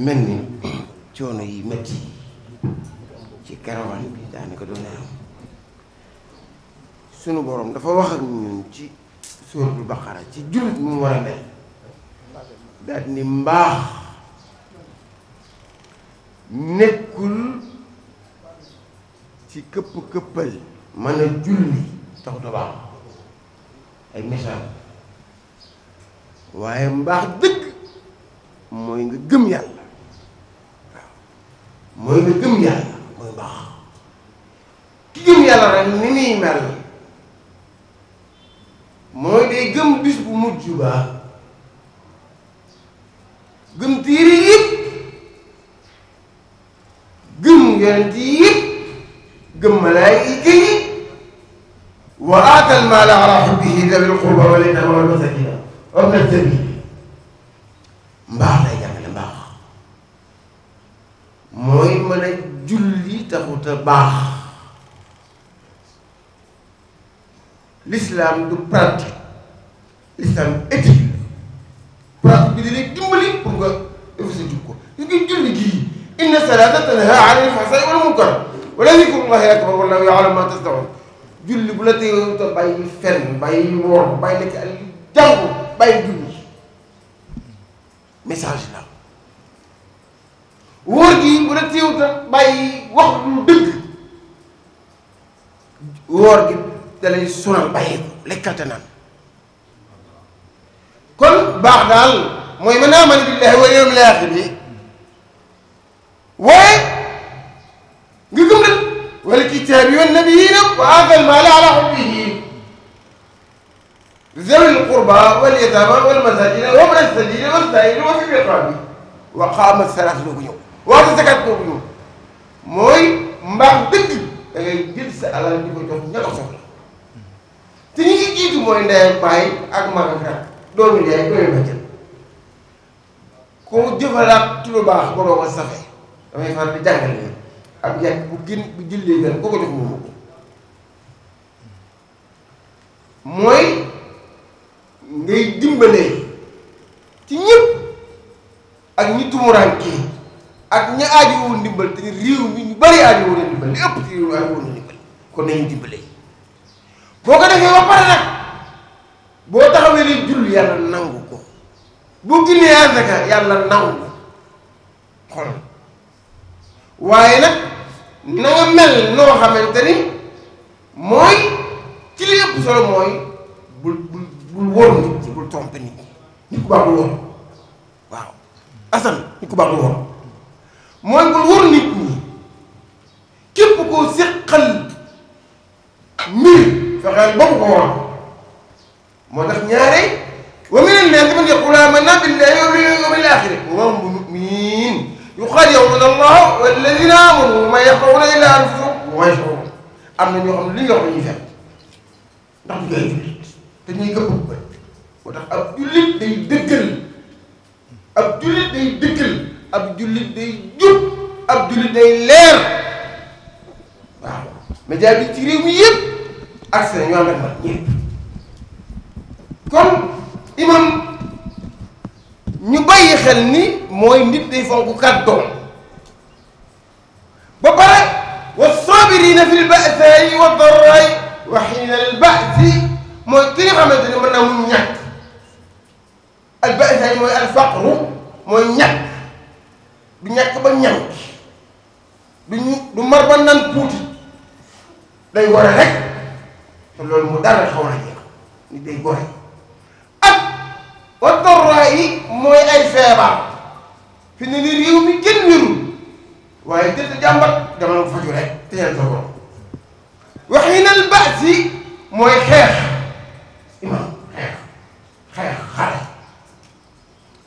mel ni coono yi metti ci caravane bi daanaka doon am sunu borom dafa wax ak ñun ci sóoratul baqara ci jullit mu war a mel daal ni mbaax nekkul ci këpp këppal mën a julli taxut a baax ay message waaye mbaax dëgg mooy nga gëm yàlla mooy lu gëm yàlla mooy baax ki gëm yàlla rek ni muy mel mooy day gëm bis bu mujj baa gëm tiiri yëpp gëm yonent yi yëpp gëm malaayika yi wa aatal maala ala hubbihi dawil qurba wal yatama wal masakin wa ibn sabil a baax l'islam du pratique l'islam éthique pratique bi dina dimbali pour nga def sa jub ko li nga julli gii inna salaata tanhaa anil fahsaa'i wal munkar wa lazikrullaahi akbar wallaahu ya'lamu maa tasna'uun julli bu la teewoo te bàyyi fenn bàyyi woor bàyyi lekk ak message la wóor gi bu la téewuta bàyyi wax dëgg wóor gi dalay sunal bàyyi ko lekkal te naan kon baax daal mooy mën naa man billaahi wal yawmil aaxir bi waaye nga gëm rek wal kitaabi wan nabiyyiina wa aatal maala ala hubbihi zawil qurba wal yataama wal masaakiina wa ibna sabiil wa saa'il wa fi riqaabi wa qaama salaat doo ko ñëw woote zakat boobu noonu mooy mbaax dëgg da jël sa alal di ko jox ña ko soxla te ñi ci jiitu mooy ndey ak baay ak mag ak doomu ndey doomu bàjjen ku jëfalaat ci baax ba safee damay faral di jàngale leen ab bu gën bu jëlee gan ku ko jox moomu ko mooy ngay dimbalee ci ñëpp ak ñi tumuraan kii ak ña aajowul ndimbal te réew mi ñu bëri aajowul na ndimbal li ëpp ci réew mi ndimbal kon nañu dimbale boo ko defee taxawee li jull yàlla nangu ko bu génnee asaka yàlla nangu ko xol waaye nag na nga xamante ni mooy ci li ëpp solo nit ñi nit ku baax du waaw asan nit ku baax du moy ngul wor nit ñi kep ko sekkal mi fexel bam ko wor mo tax ñaare wa min annaasi man yaqulu aamanna billahi wa bil yawm al akhir wa hum mu'minuun yuxaadi'uuna allah wal ladina wa ma yaxda'uuna illa anfusahum wa maa amna ñu xam li nga ko dañuy fekk ndax du ay te ñi gëpp moo tax ab julit day dëggal ab julit day dëggal ab jullit day jub ab jullit day leer waaw média bi ci réew mi yëpp accès na ñoo am ak mag ñëpp kon imam ñu bàyyi xel ni mooy nit day fonk kàddoom ba pare wa sabirina fi lbasaayi wa darraay wa xiina albasi mooy ki nga xamante ni mën naa mu ñàkk albasaayi mooy alfaqru mooy ñàkk du ñàkk ba ñam du ñu du mar ba nan tuuti day war a rek te loolu mu dara xaw a jeex ni day gore ak wa mooy ay feebar fi ne ni réew mi kenn wérul waaye jënd jàmbat dama faju rek te yàlla sa borom waxinal yi mooy xeex imam xeex xeex xare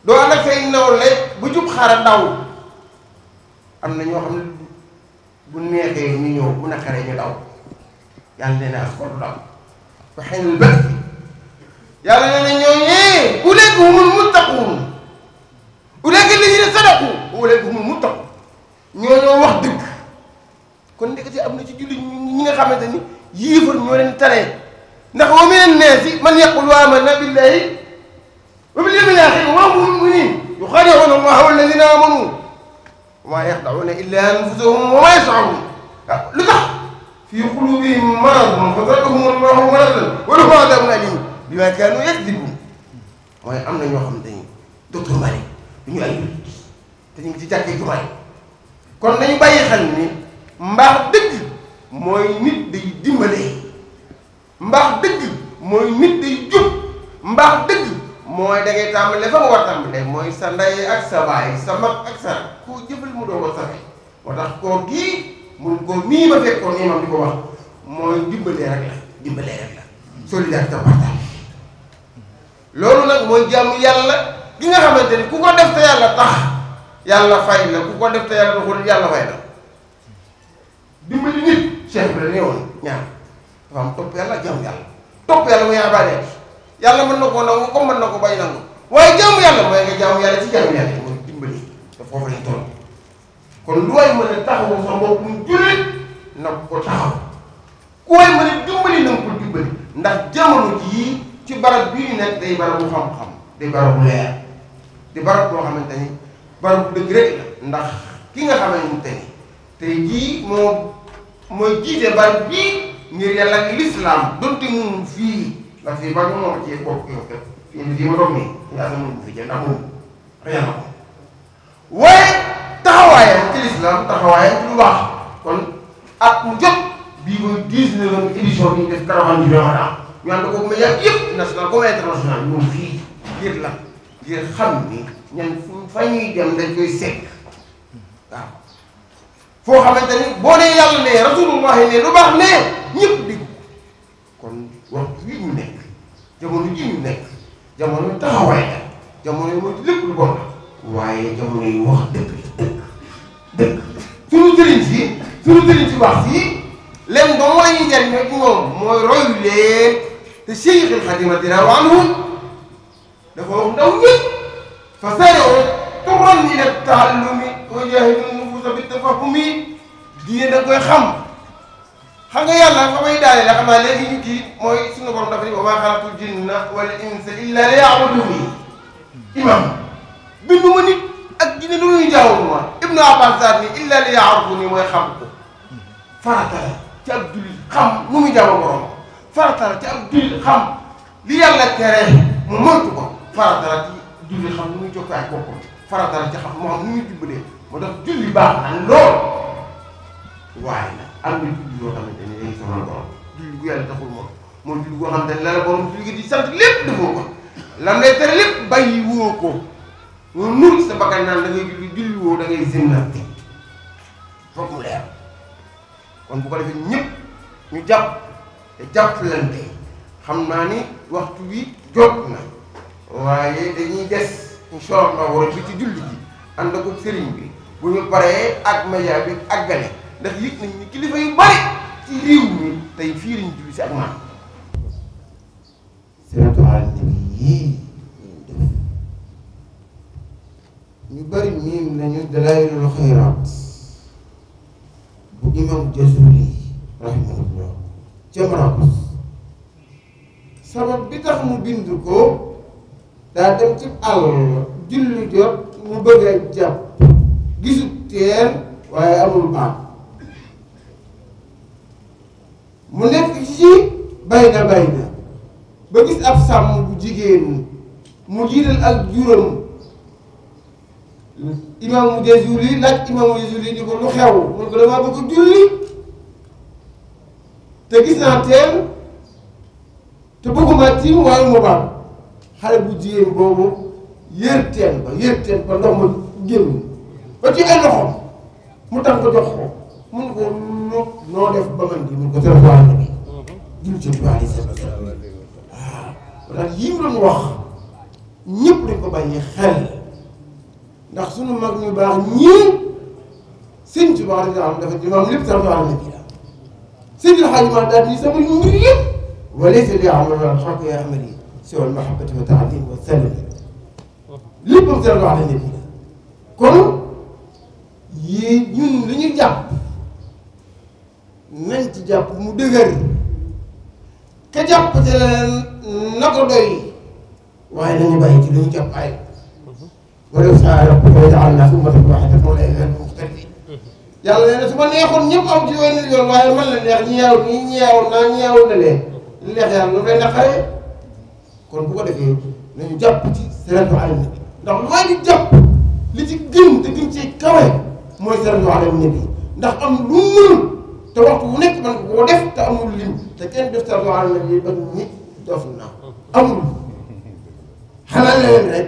doo ànd say nawle bu jub xare ndaw am na ñoo xam ne bu neexee ñu ñëw bu naqaree ñu daw yàlla nee naa xol daw waxee na bët yàlla nee na ñoo ñee uleeg humul muttaquun uleeg lii sadaqu uleeg humul muttaqu ñoo ñoo wax dëgg kon ndekete am na ci jullit ñi nga xamante ni yiifar ñoo leen taree ndax wa minan naasi man yaqul aamanna billahi wa bil yawmil aaxir wa hum mu'minuun yuxaadi'uuna allaha walladiina aamanu وما يخدعون إلا أنفسهم وما يشعرون lu tax في قلوبهم مرض فزادهم الله مرضا ولهم عذاب أليم بما كانوا يكذبون mooy am na ñoo xam ne dañuy docteur Malick du ñu ay jullit te ñu ngi ci jàkkee jumaa yi kon nañu bàyyi xel ni mbaax dëgg mooy nit day dimbale mbaax dëgg mooy nit day jub mbaax dëgg mooy da ngay tàmbalee fa nga war tàmbalee mooy sa ndey ak sa baay sa mag ak sa ku jëf mu doonoon sax moo tax koor gii mun ko mi ma fekkon imam di ko wax moy dimbalé rek la dimbalé rek la solidarité partage lolu nak moy jamm yalla gi nga xamanteni ku ko def ta yalla tax yalla fay la ku ko def ta yalla taxul yalla fay la dimbali nit cheikh bi la won woon ñaar dafa am top yalla jamm yalla top yalla mo ya yàlla mën na koo nangu comme mën na ko bañ nangu waye jamm yalla moy nga jamm yalla ci jamm yalla mooy dimbali da fofu la toll kon lu waay mën a taxawu sa mbokkum na ko taxaw ku waay mën a dimbali na nga ko dimbali ndax jamono jii ci bara bii ñu nekk day barabu xam-xam day barabu leer di barab boo xamante ni barab dëgg rek ndax ki nga xamante ni tey jii moo mooy jiite barab bii ngir yàlla ak lislaam donte fii ndax fii barab moo ko cee bokk yow fii fii ma toog nii yàlla mun fi jël ndax moom xëy na ko waaye islam taxawaayam ci lu baax kon at mu jot bii mooy dix-neuvième édition bi ñu def ko média yëpp national comme international ñoom fii ngir la ngir xam ni ñan fa ñuy dem koy sekk kon waxtu nekk jamono ji ñu nekk jamono taxawaay la jamono yi mooy lépp lu bon la waaye jamono yi wax dëgg dëkk suñu sëriñ si suñu sëriñ si wax si leen ba moo ñuy jariñ rek moom mooy royu leen te Cheikhul Khadim radiyallahu anhu dafa wax ndaw ñëpp fa sayoo turan ila taallumi wa jahidu nufusa bi tafahumi diine da koy xam xam nga yàlla fa may daale la xam naa léegi ñu kii mooy suñu borom dafa ni wa maa xalaqtul jinna wal insa illa liya'buduni imam bindu ma nit ak jinne lu ñuy jaawul ma ابن عباس الا ليعرضني ويخمق فاتل تي عبد الخم نومي جاوا بروم فاتل تي عبد الخم لي يلا تيري مو مرت كو فاتل تي دولي خم نومي جوك اي بوك فاتل تي خم مو نومي ديبلي مو داف جولي با ان واي لا ام جولي لو تامي دي ني سونال بروم جولي بو تاخول مو مو جولي بو دا لا بروم جولي دي سانت ليب دوكو لام لي تيري ليب باي ووكو nun sa bakkan naan da ngay julli julli woo da ngay zinnante mu leer kon bu ko defee ñëpp ñu jàpp te jàppalante xam naa ni waxtu wi jot na waaye dañuy des incha allahu rabbi ci julli ji ànd ko sëriñ bi bu ñu paree ak média bi ak gane ndax yëg nañ ni kilifa yu bari ci réew mi tey fii lañ julli si ak maam ñu bari miim nañu dalaa'ilul xayraat bu imam Jazuli rahimahullah ca Marrakech sabab bi tax mu bind ko daa dem ci àll julli jot mu bëgg a gisut teen waaye amul baax mu nekk ci bay na bay na ba gis ab sàmm bu jigéen mu jiital ak juróom imaamu Jazuli laaj imaamu Jazuli ni ko lu xew mun ko damaa bëgg julli te gis naa teel te bëgguma tiim waaye mu baal xale bu jigéen boobu yër teen ba yër teen ba ndox ma génn ba ci ay loxoom mu tax ko jox ko mun ko lu noo def ba man di mun wax ñëpp dañ ko bàyyi xel ndax sunu mag ñu baax ñii sëñ ci baax la dafa ñu lépp sama wàllu nit sëñ la xaaj ma daal di sama mbir yëpp wala sa li amal wala xaq yaa amal yi si wal mahabbati wa taalim sama wàllu kon ñun li ñu jàpp nañ ci jàpp mu dëgër ka jàpp te na ko doy waaye nañu bàyyi ci lu ñu jàpp ay ولو شاء ربك لجعلنا أمة واحدة ولكن مختلفين yàlla nee na su ma neexoon ñëpp am ci wenn yoon waaye man la neex ñi yeewu nii ñi yeewu naa ñi yeewu na lee li neex yàlla lu koy naqaree kon bu ko defee nañu jàpp ci sereentu alam ni ndax looy di jàpp li ci gën te gën ci kawe mooy sereentu alam ni bi ndax am lu mënul te waxtu wu nekk man ko def te amul lim te kenn def sereentu alam ni bi ba nit dof naa amul xanaa leneen rek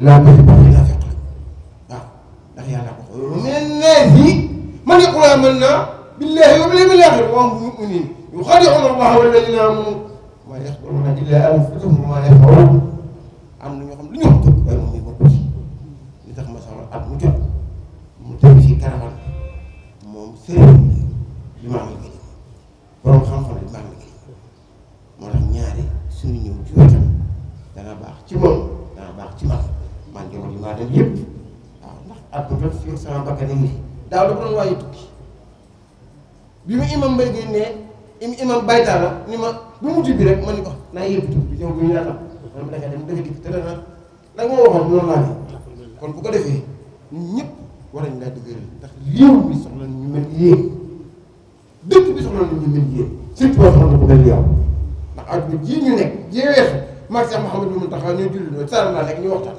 laa bëri boobu dinaa fekk la waaw ndax yàlla ko xool mais nee si man yaqul amanna billahi wa bil axir wa hum muminin yuxaadicuuna allaha walladina ma yaxdaruuna illa anfusahum wa ma yashcuruun am na ñoo xam lu ñu xam waaye moom ñu bokk ci li ma soxla at mu jot mu tëb si karawan xam-xam bi maa ngi gën moo tax ñaari suñu ñëw ci wetam baax ci moom njaboot yi maa def a ngi fi daaw dafa doon waaye tukki bi mu imam mbay gi ne im imam ni ma bu mu tibbi rek ma ni ko naa la nga waxoon noonu laa ne kon bu ko defee ñun ñëpp war nañ laa dëgëral ndax réew mi soxla ñu mel yéen dëkk bi soxla ñu mel yéen surtout soxla na ko mel yow ndax adduna jii ñu nekk jee weesu Maam Cheikh Mouhamadou Mountakha ñoo julli doon sàrma nekk ñu waxtaan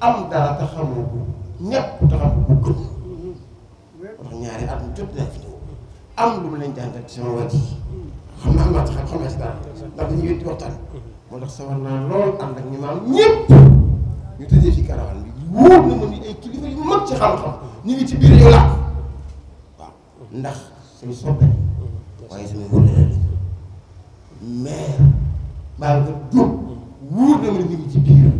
am dara te xamoo ko ñépp te xamoo ko gëm wax ñaari at mu jot daa fi ñëw am lu mu leen jàngal ci sama wàll yi xam naa am naa ci xam xam naa ci dara ndax dañuy wétti ñu maam ñépp ñu tëjee fi karawaan bi wóor na ma ni ay kilifa yu mag ci xam-xam ñu ngi ci biir yow laa ndax suñu soppe waaye mais baa nga jóg wóor na ma ni ñu ngi ci biir